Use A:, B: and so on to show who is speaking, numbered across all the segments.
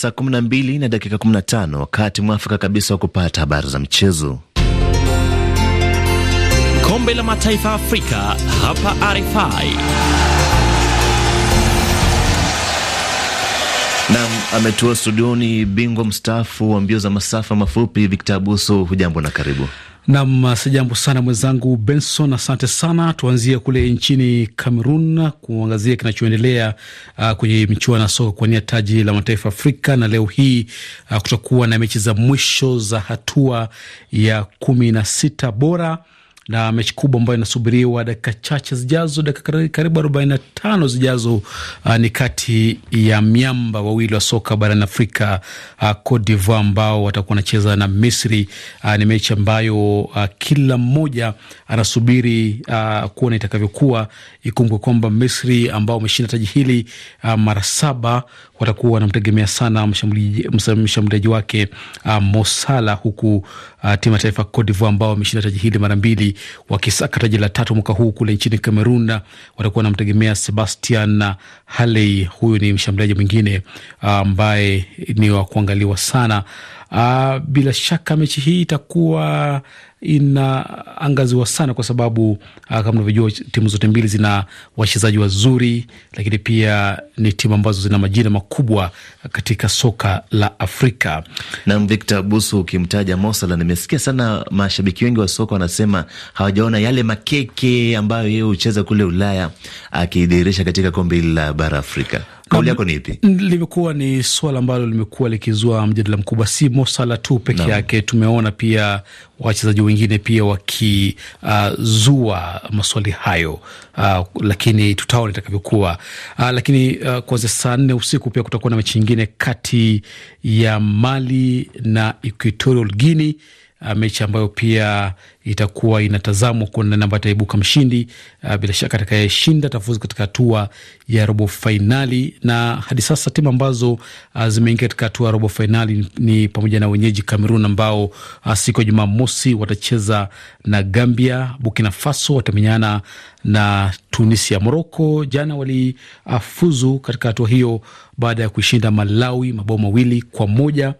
A: saa 12 na dakika 15, wakati mwafaka kabisa wa kupata habari za michezo. Kombe la Mataifa Afrika hapa RFI. Nam ametua studioni bingwa mstaafu wa mbio za masafa mafupi Victor Abuso. Hujambo na karibu.
B: Nam, sijambo sana mwenzangu Benson, asante sana. Tuanzie kule nchini Cameroon kuangazia kinachoendelea uh, kwenye michuano ya soka kuwania taji la mataifa Afrika na leo hii uh, kutakuwa na mechi za mwisho za hatua ya kumi na sita bora na mechi kubwa ambayo inasubiriwa dakika chache zijazo, dakika karibu tano zijazo. Uh, ni kati ya miamba wawili wa soka barani Afrika, uh, Cote d'Ivoire ambao watakuwa wanacheza na Misri. Uh, ni mechi ambayo uh, kila mmoja anasubiri uh, kuona itakavyokuwa. Ikumbuke kwamba Misri ambao wameshinda taji hili uh, mara saba watakuwa wanamtegemea sana mshambuliaji wake uh, Mosala, huku uh, timu ya taifa Cote d'Ivoire ambao wameshinda taji hili mara mbili Burundi wakisaka taji la tatu mwaka huu kule nchini Kamerun. Watakuwa wanamtegemea Sebastian Haley, huyu ni mshambuliaji mwingine ah, ambaye ni wa kuangaliwa sana. Uh, bila shaka mechi hii itakuwa inaangaziwa sana kwa sababu uh, kama unavyojua timu zote mbili zina wachezaji wazuri, lakini pia ni timu ambazo zina majina makubwa katika
A: soka la Afrika. Nam Victor Busu, ukimtaja Mosala, nimesikia sana mashabiki wengi wa soka wanasema hawajaona yale makeke ambayo yeye hucheza kule Ulaya akidhihirisha katika kombe hili la bara Afrika. Kauli yako ni ipi?
B: Limekuwa ni suala ambalo limekuwa likizua mjadala mkubwa, si mosala tu peke yake.
A: Tumeona pia
B: wachezaji wengine pia wakizua uh, maswali hayo uh, lakini tutaona itakavyokuwa. Uh, lakini uh, kuanzia saa nne usiku pia kutakuwa na mechi nyingine kati ya Mali na Equatorial Guinea uh, mechi ambayo pia itakuwa inatazamwa kuona namba ataibuka mshindi. Uh, bila shaka atakayeshinda atafuzu katika hatua ya robo fainali. Na hadi sasa timu ambazo uh, zimeingia katika hatua ya robo fainali ni pamoja na wenyeji Kamerun ambao uh, siku ya Jumamosi watacheza na Gambia. Burkina Faso watamenyana na Tunisia. Moroko jana walifuzu katika hatua hiyo baada ya kuishinda Malawi mabao mawili kwa moja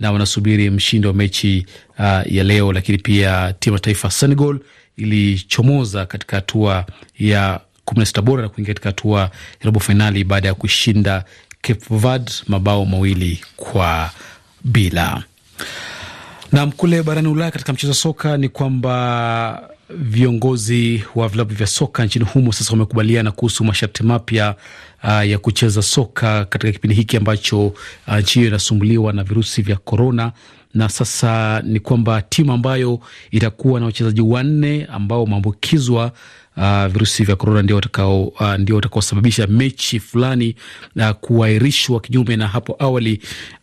B: na wanasubiri mshindi wa mechi uh, ya leo. Lakini pia timu ya taifa Senegal ilichomoza katika hatua ya kumi na sita bora na kuingia katika hatua ya robo fainali baada ya kushinda Cape Verde mabao mawili kwa bila. Nam kule barani Ulaya katika mchezo wa soka ni kwamba Viongozi wa vilabu vya soka nchini humo sasa wamekubaliana kuhusu masharti mapya uh, ya kucheza soka katika kipindi hiki ambacho uh, nchi hiyo inasumbuliwa na virusi vya korona, na sasa ni kwamba timu ambayo itakuwa na wachezaji wanne ambao wameambukizwa uh, virusi vya korona uh, ndio watakaosababisha uh, mechi fulani uh, kuahirishwa, kinyume na hapo awali.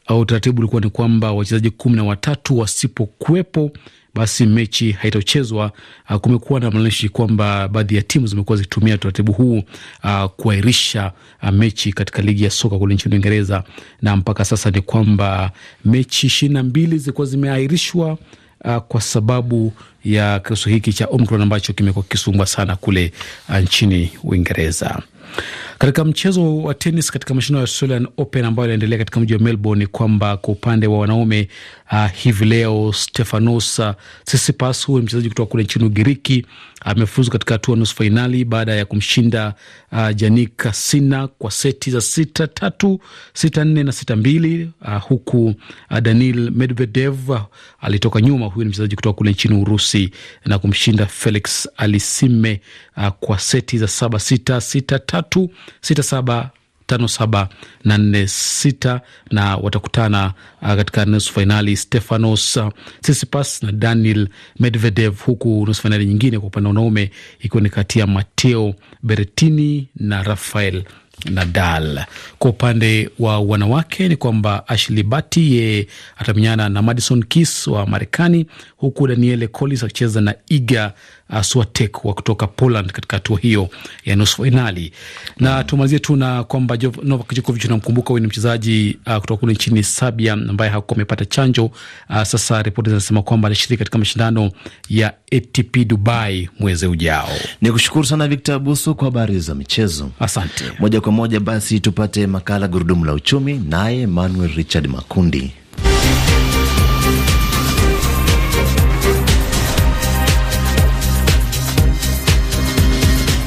B: Uh, utaratibu ulikuwa ni kwamba wachezaji kumi na watatu wasipokuwepo basi mechi haitochezwa Uh, kumekuwa na malalamishi kwamba baadhi ya timu zimekuwa zikitumia utaratibu huu uh, kuahirisha uh, mechi katika ligi ya soka kule nchini Uingereza, na mpaka sasa ni kwamba mechi ishirini na mbili zilikuwa zimeahirishwa uh, kwa sababu ya kirusi hiki cha Omicron ambacho kimekuwa kikisumbua sana kule uh, nchini Uingereza. Katika mchezo wa tenis katika mashindano ya Australian Open ambayo yanaendelea katika mji wa Melbourne, ni kwamba kwa upande wa wanaume uh, hivi leo Stefanos uh, Tsitsipas, huyu mchezaji kutoka kule nchini Ugiriki amefuzu uh, katika hatua nusu fainali baada ya kumshinda uh, ah, Jannik Sinner kwa seti za sita tatu, sita nne na sita mbili uh, huku uh, Daniil Medvedev uh, alitoka nyuma. Huyu ni mchezaji kutoka kule nchini Urusi na kumshinda Felix Alisime uh, kwa seti za saba sita sita tatu 6757 na watakutana uh, katika nusu fainali Stefanos uh, Tsitsipas na Daniel Medvedev, huku nusu fainali nyingine kwa upande wa wanaume ikiwa ni kati ya mateo Berrettini na Rafael Nadal. Kwa upande wa wanawake ni kwamba Ashleigh Barty yeye atamenyana na Madison Keys wa Marekani, huku daniele Collins akicheza na Iga uh, Swatek wa kutoka Poland katika hatua hiyo ya nusu fainali. Na tumalizie tu na kwamba Novak Djokovic, unamkumbuka huyu ni mchezaji uh, kutoka kule nchini Serbia ambaye hakuwa amepata chanjo uh, sasa ripoti zinasema kwamba atashiriki katika mashindano
A: ya ATP Dubai mwezi ujao. Ni kushukuru sana Victor Busu kwa habari za michezo, asante. Moja kwa moja basi tupate makala Gurudumu la Uchumi, naye Manuel Richard Makundi.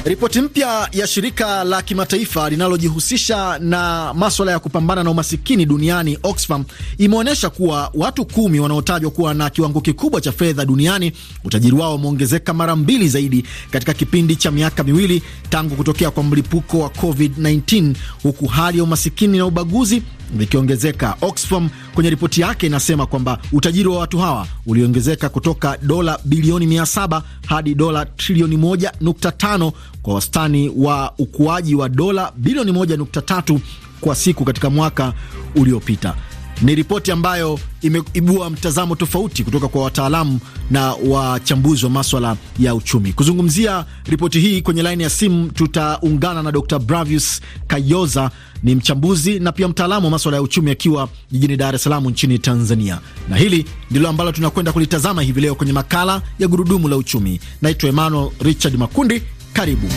A: Ripoti mpya ya shirika la kimataifa linalojihusisha na maswala ya kupambana na umasikini duniani Oxfam imeonyesha kuwa watu kumi wanaotajwa kuwa na kiwango kikubwa cha fedha duniani, utajiri wao umeongezeka mara mbili zaidi katika kipindi cha miaka miwili tangu kutokea kwa mlipuko wa COVID-19, huku hali ya umasikini na ubaguzi vikiongezeka. Oxfam kwenye ripoti yake inasema kwamba utajiri wa watu hawa uliongezeka kutoka dola bilioni 700 hadi dola trilioni 1.5 kwa wastani wa ukuaji wa dola bilioni 1.3 kwa siku katika mwaka uliopita. Ni ripoti ambayo imeibua mtazamo tofauti kutoka kwa wataalamu na wachambuzi wa maswala ya uchumi. Kuzungumzia ripoti hii kwenye laini ya simu tutaungana na Dr. Bravius Kayoza, ni mchambuzi na pia mtaalamu wa maswala ya uchumi akiwa jijini Dar es Salaam nchini Tanzania, na hili ndilo ambalo tunakwenda kulitazama hivi leo kwenye makala ya Gurudumu la Uchumi. Naitwa Emmanuel Richard Makundi. Karibu.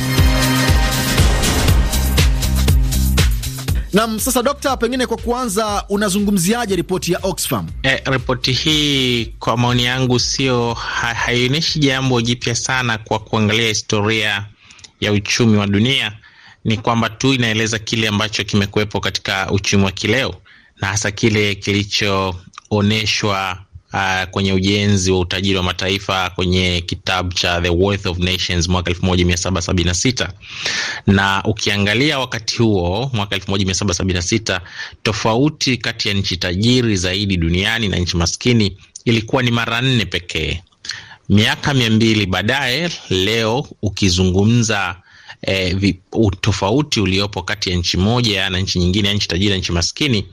A: Nam, sasa dokta, pengine kwa kuanza, unazungumziaje ripoti ya Oxfam?
C: E, ripoti hii kwa maoni yangu sio ha, haionyeshi jambo jipya sana. Kwa kuangalia historia ya uchumi wa dunia, ni kwamba tu inaeleza kile ambacho kimekuwepo katika uchumi wa kileo na hasa kile kilichoonyeshwa uh, kwenye ujenzi wa utajiri wa mataifa kwenye kitabu cha The Wealth of Nations mwaka 1776 na ukiangalia wakati huo mwaka 1776 tofauti kati ya nchi tajiri zaidi duniani na nchi maskini ilikuwa ni mara nne pekee. Miaka mia mbili baadaye, leo ukizungumza eh, vi, utofauti uliopo kati ya nchi moja na nchi nyingine, nchi tajiri na nchi maskini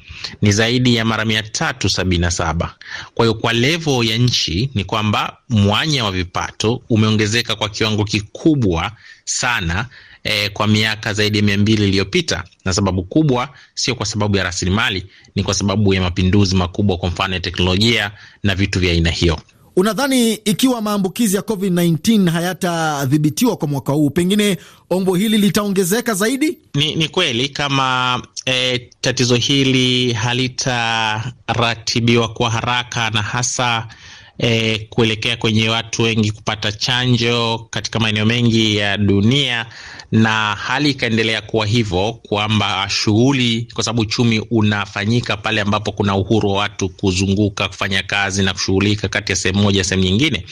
C: ni zaidi ya mara mia tatu sabini na saba. Kwa hiyo kwa levo ya nchi ni kwamba mwanya wa vipato umeongezeka kwa kiwango kikubwa sana eh, kwa miaka zaidi ya mia mbili iliyopita, na sababu kubwa sio kwa sababu ya rasilimali, ni kwa sababu ya mapinduzi makubwa, kwa mfano ya teknolojia na vitu vya aina hiyo.
A: Unadhani ikiwa maambukizi ya COVID-19 hayatadhibitiwa kwa mwaka huu, pengine ombo hili litaongezeka zaidi?
C: Ni, ni kweli kama e, tatizo hili halitaratibiwa kwa haraka na hasa e, kuelekea kwenye watu wengi kupata chanjo katika maeneo mengi ya dunia na hali ikaendelea kuwa hivyo kwamba shughuli, kwa sababu uchumi unafanyika pale ambapo kuna uhuru wa watu kuzunguka, kufanya kazi na kushughulika kati ya sehemu moja sehemu nyingine,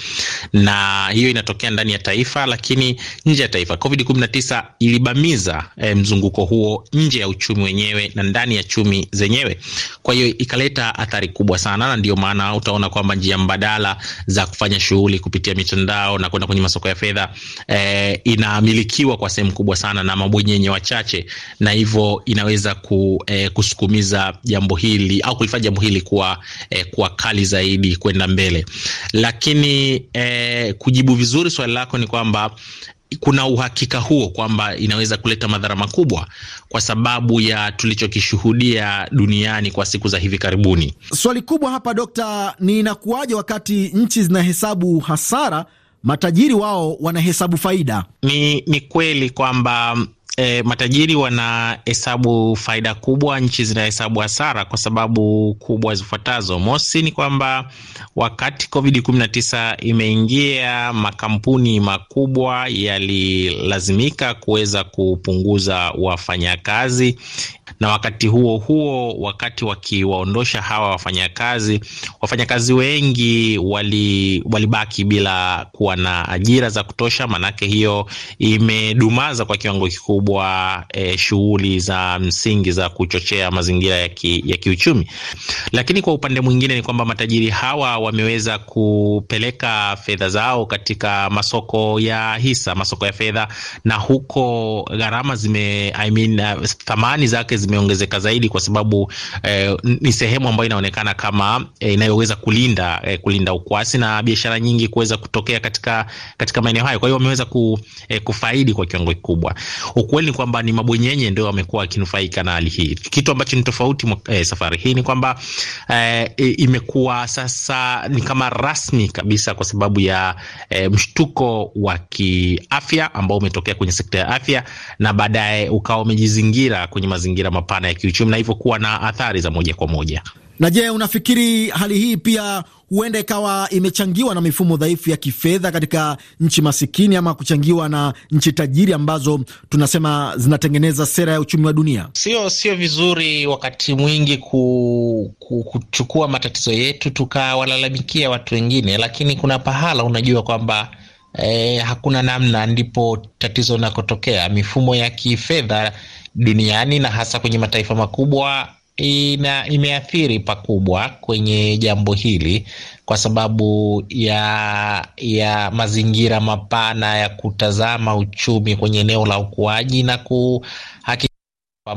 C: na hiyo inatokea ndani ya taifa, lakini nje ya taifa. Covid 19 ilibamiza eh, mzunguko huo nje ya uchumi wenyewe na ndani ya chumi zenyewe, kwa hiyo ikaleta athari kubwa sana, na ndio maana utaona kwamba njia mbadala za kufanya shughuli kupitia mitandao na kwenda kwenye masoko ya fedha eh, inamilikiwa kwa sehemu sehemu kubwa sana na mabwenyenye wachache, na hivyo inaweza ku, e, kusukumiza jambo hili au kulifanya jambo hili kuwa, e, kuwa kali zaidi kwenda mbele. Lakini e, kujibu vizuri swali lako ni kwamba kuna uhakika huo kwamba inaweza kuleta madhara makubwa kwa sababu ya tulichokishuhudia duniani kwa siku za hivi karibuni.
A: Swali kubwa hapa, Dokta, ni inakuwaje wakati nchi zinahesabu hasara matajiri wao wanahesabu faida.
C: Ni, ni kweli kwamba E, matajiri wanahesabu faida kubwa, nchi zinahesabu hasara kwa sababu kubwa zifuatazo. Mosi ni kwamba wakati Covid 19 imeingia, makampuni makubwa yalilazimika kuweza kupunguza wafanyakazi, na wakati huo huo, wakati wakiwaondosha hawa wafanyakazi, wafanyakazi wengi wali, walibaki bila kuwa na ajira za kutosha, maanake hiyo imedumaza kwa kiwango kikubwa kubwa e, shughuli za msingi za kuchochea mazingira ya, ki, ya kiuchumi. Lakini kwa upande mwingine ni kwamba matajiri hawa wameweza kupeleka fedha zao katika masoko ya hisa, masoko ya fedha, na huko gharama zime I mean, uh, thamani zake zimeongezeka zaidi kwa sababu eh, ni sehemu ambayo inaonekana kama eh, inayoweza kulinda eh, kulinda ukwasi na biashara nyingi kuweza kutokea katika katika maeneo hayo. Kwa hiyo wameweza ku, eh, kufaidi kwa kiwango kikubwa ukweli ni kwamba ni mabwenyenye ndio wamekuwa wakinufaika na hali hii. Kitu ambacho ni tofauti eh, safari hii ni kwamba eh, imekuwa sasa ni kama rasmi kabisa kwa sababu ya eh, mshtuko wa kiafya ambao umetokea kwenye sekta ya afya na baadaye ukawa umejizingira kwenye mazingira mapana ya kiuchumi na hivyo kuwa na athari za moja kwa moja.
A: Na je, unafikiri hali hii pia huenda ikawa imechangiwa na mifumo dhaifu ya kifedha katika nchi masikini ama kuchangiwa na nchi tajiri ambazo tunasema zinatengeneza sera ya uchumi wa dunia?
C: Sio, sio vizuri wakati mwingi ku, ku, kuchukua matatizo yetu tukawalalamikia watu wengine, lakini kuna pahala unajua kwamba eh, hakuna namna, ndipo tatizo linakotokea. Mifumo ya kifedha duniani na hasa kwenye mataifa makubwa ina imeathiri pakubwa kwenye jambo hili kwa sababu ya ya mazingira mapana ya kutazama uchumi kwenye eneo la ukuaji na kuhakikisha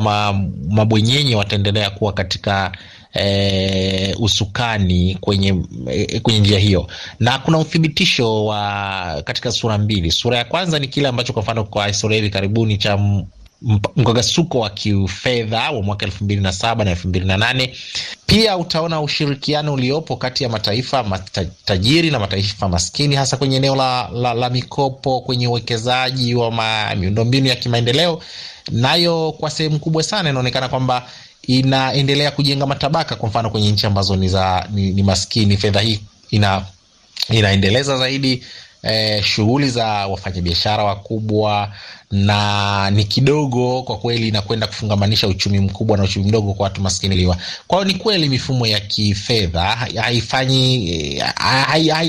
C: ma, mabwenyenye wataendelea kuwa katika E, usukani kwenye e, kwenye njia hiyo, na kuna uthibitisho wa katika sura mbili. Sura ya kwanza ni kile ambacho kwa mfano kwa historia hivi karibuni cha mkagasuko wa kifedha wa mwaka elfu mbili na saba na elfu mbili na nane Pia utaona ushirikiano uliopo kati ya mataifa tajiri na mataifa maskini hasa kwenye eneo la, la, la mikopo kwenye uwekezaji wa miundombinu ya kimaendeleo, nayo kwa sehemu kubwa sana inaonekana kwamba inaendelea kujenga matabaka. Kwa mfano kwenye nchi ambazo ni, za, ni, ni maskini, fedha hii ina, inaendeleza zaidi eh, shughuli za wafanyabiashara wakubwa na ni kidogo kwa kweli, inakwenda kufungamanisha uchumi mkubwa na uchumi mdogo kwa watu maskiniliwa. Kwa hiyo ni kweli mifumo ya kifedha haifanyi eh,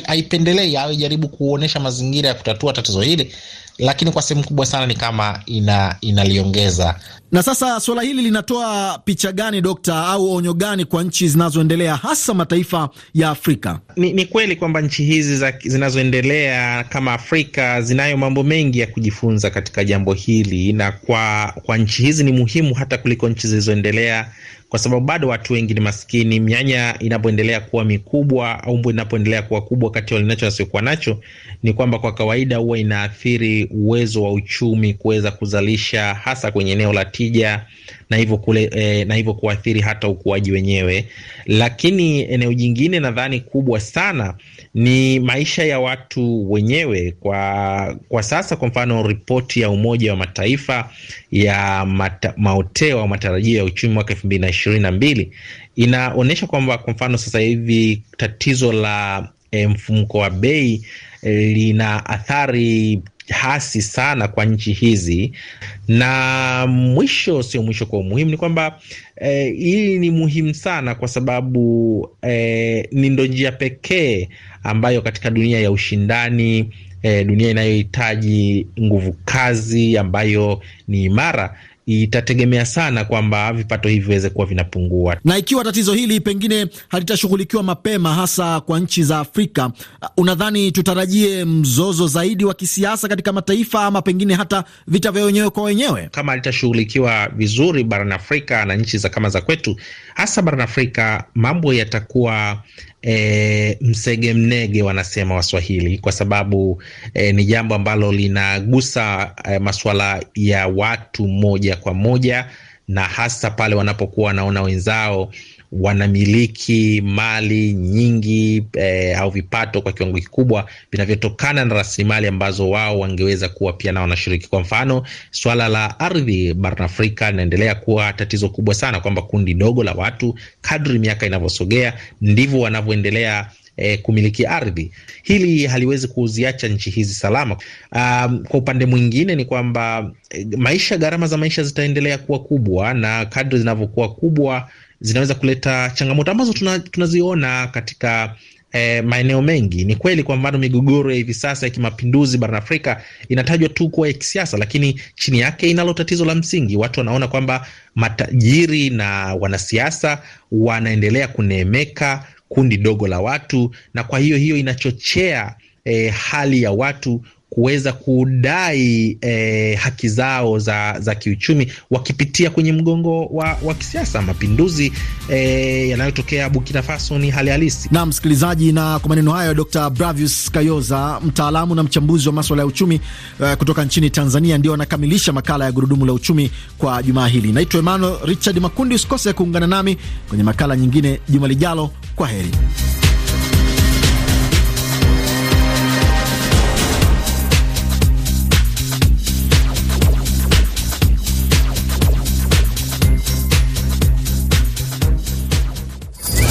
C: haipendelei, haijaribu kuonyesha mazingira ya kutatua tatizo hili lakini kwa sehemu kubwa sana ni kama ina inaliongeza.
A: Na sasa suala hili linatoa picha gani dokta, au onyo gani kwa nchi zinazoendelea, hasa mataifa ya Afrika? Ni, ni kweli kwamba nchi hizi zinazoendelea
C: kama Afrika zinayo mambo mengi ya kujifunza katika jambo hili, na kwa, kwa nchi hizi ni muhimu hata kuliko nchi zilizoendelea kwa sababu bado watu wengi ni maskini. Mianya inapoendelea kuwa mikubwa au mbu inapoendelea kuwa kubwa kati ya walionacho wasiokuwa nacho, ni kwamba kwa kawaida huwa inaathiri uwezo wa uchumi kuweza kuzalisha, hasa kwenye eneo la tija, na hivyo kule eh, na hivyo kuathiri hata ukuaji wenyewe. Lakini eneo jingine nadhani kubwa sana ni maisha ya watu wenyewe kwa, kwa sasa. Kwa mfano ripoti ya Umoja wa Mataifa ya mata, maoteo au matarajio ya uchumi mwaka elfu mbili na ishirini na mbili inaonyesha kwamba kwa mfano sasa hivi tatizo la e, eh, mfumko wa bei e, lina athari hasi sana kwa nchi hizi. Na mwisho, sio mwisho kwa umuhimu, ni kwamba e, eh, hili ni muhimu sana kwa sababu e, ni ndo njia pekee ambayo katika dunia ya ushindani E, dunia inayohitaji nguvu kazi ambayo ni imara itategemea sana kwamba vipato hivi viweze kuwa vinapungua, na
A: ikiwa tatizo hili pengine halitashughulikiwa mapema, hasa kwa nchi za Afrika, unadhani tutarajie mzozo zaidi wa kisiasa katika mataifa ama pengine hata vita vya wenyewe kwa wenyewe kama
C: halitashughulikiwa vizuri barani Afrika na nchi za kama za kwetu, hasa barani Afrika, mambo yatakuwa e, msege mnege wanasema Waswahili, kwa sababu e, ni jambo ambalo linagusa e, masuala ya watu moja kwa moja, na hasa pale wanapokuwa wanaona wenzao wanamiliki mali nyingi eh, au vipato kwa kiwango kikubwa vinavyotokana na rasilimali ambazo wao wangeweza kuwa pia na wanashiriki. Kwa mfano, swala la ardhi barani Afrika linaendelea kuwa tatizo kubwa sana, kwamba kundi dogo la watu, kadri miaka inavyosogea, ndivyo wanavyoendelea E, kumiliki ardhi. Hili haliwezi kuziacha nchi hizi salama. Um, kwa upande mwingine ni kwamba e, maisha, gharama za maisha zitaendelea kuwa kubwa, na kadri zinavyokuwa kubwa zinaweza kuleta changamoto ambazo tunaziona tuna katika E, maeneo mengi. Ni kweli kwa mfano migogoro ya hivi sasa ya kimapinduzi barani Afrika inatajwa tu kuwa ya kisiasa, lakini chini yake inalo tatizo la msingi. Watu wanaona kwamba matajiri na wanasiasa wanaendelea kuneemeka kundi dogo la watu, na kwa hiyo hiyo inachochea e, hali ya watu kuweza kudai e, haki zao za, za kiuchumi
A: wakipitia kwenye mgongo wa, wa kisiasa. Mapinduzi e, yanayotokea Burkina Faso ni hali halisi. Naam msikilizaji, na kwa maneno hayo Dr. Bravius Kayoza, mtaalamu na mchambuzi wa maswala ya uchumi uh, kutoka nchini Tanzania, ndio anakamilisha makala ya gurudumu la uchumi kwa jumaa hili. Naitwa Emmanuel Richard Makundi, usikose kuungana nami kwenye makala nyingine juma lijalo. Kwa heri.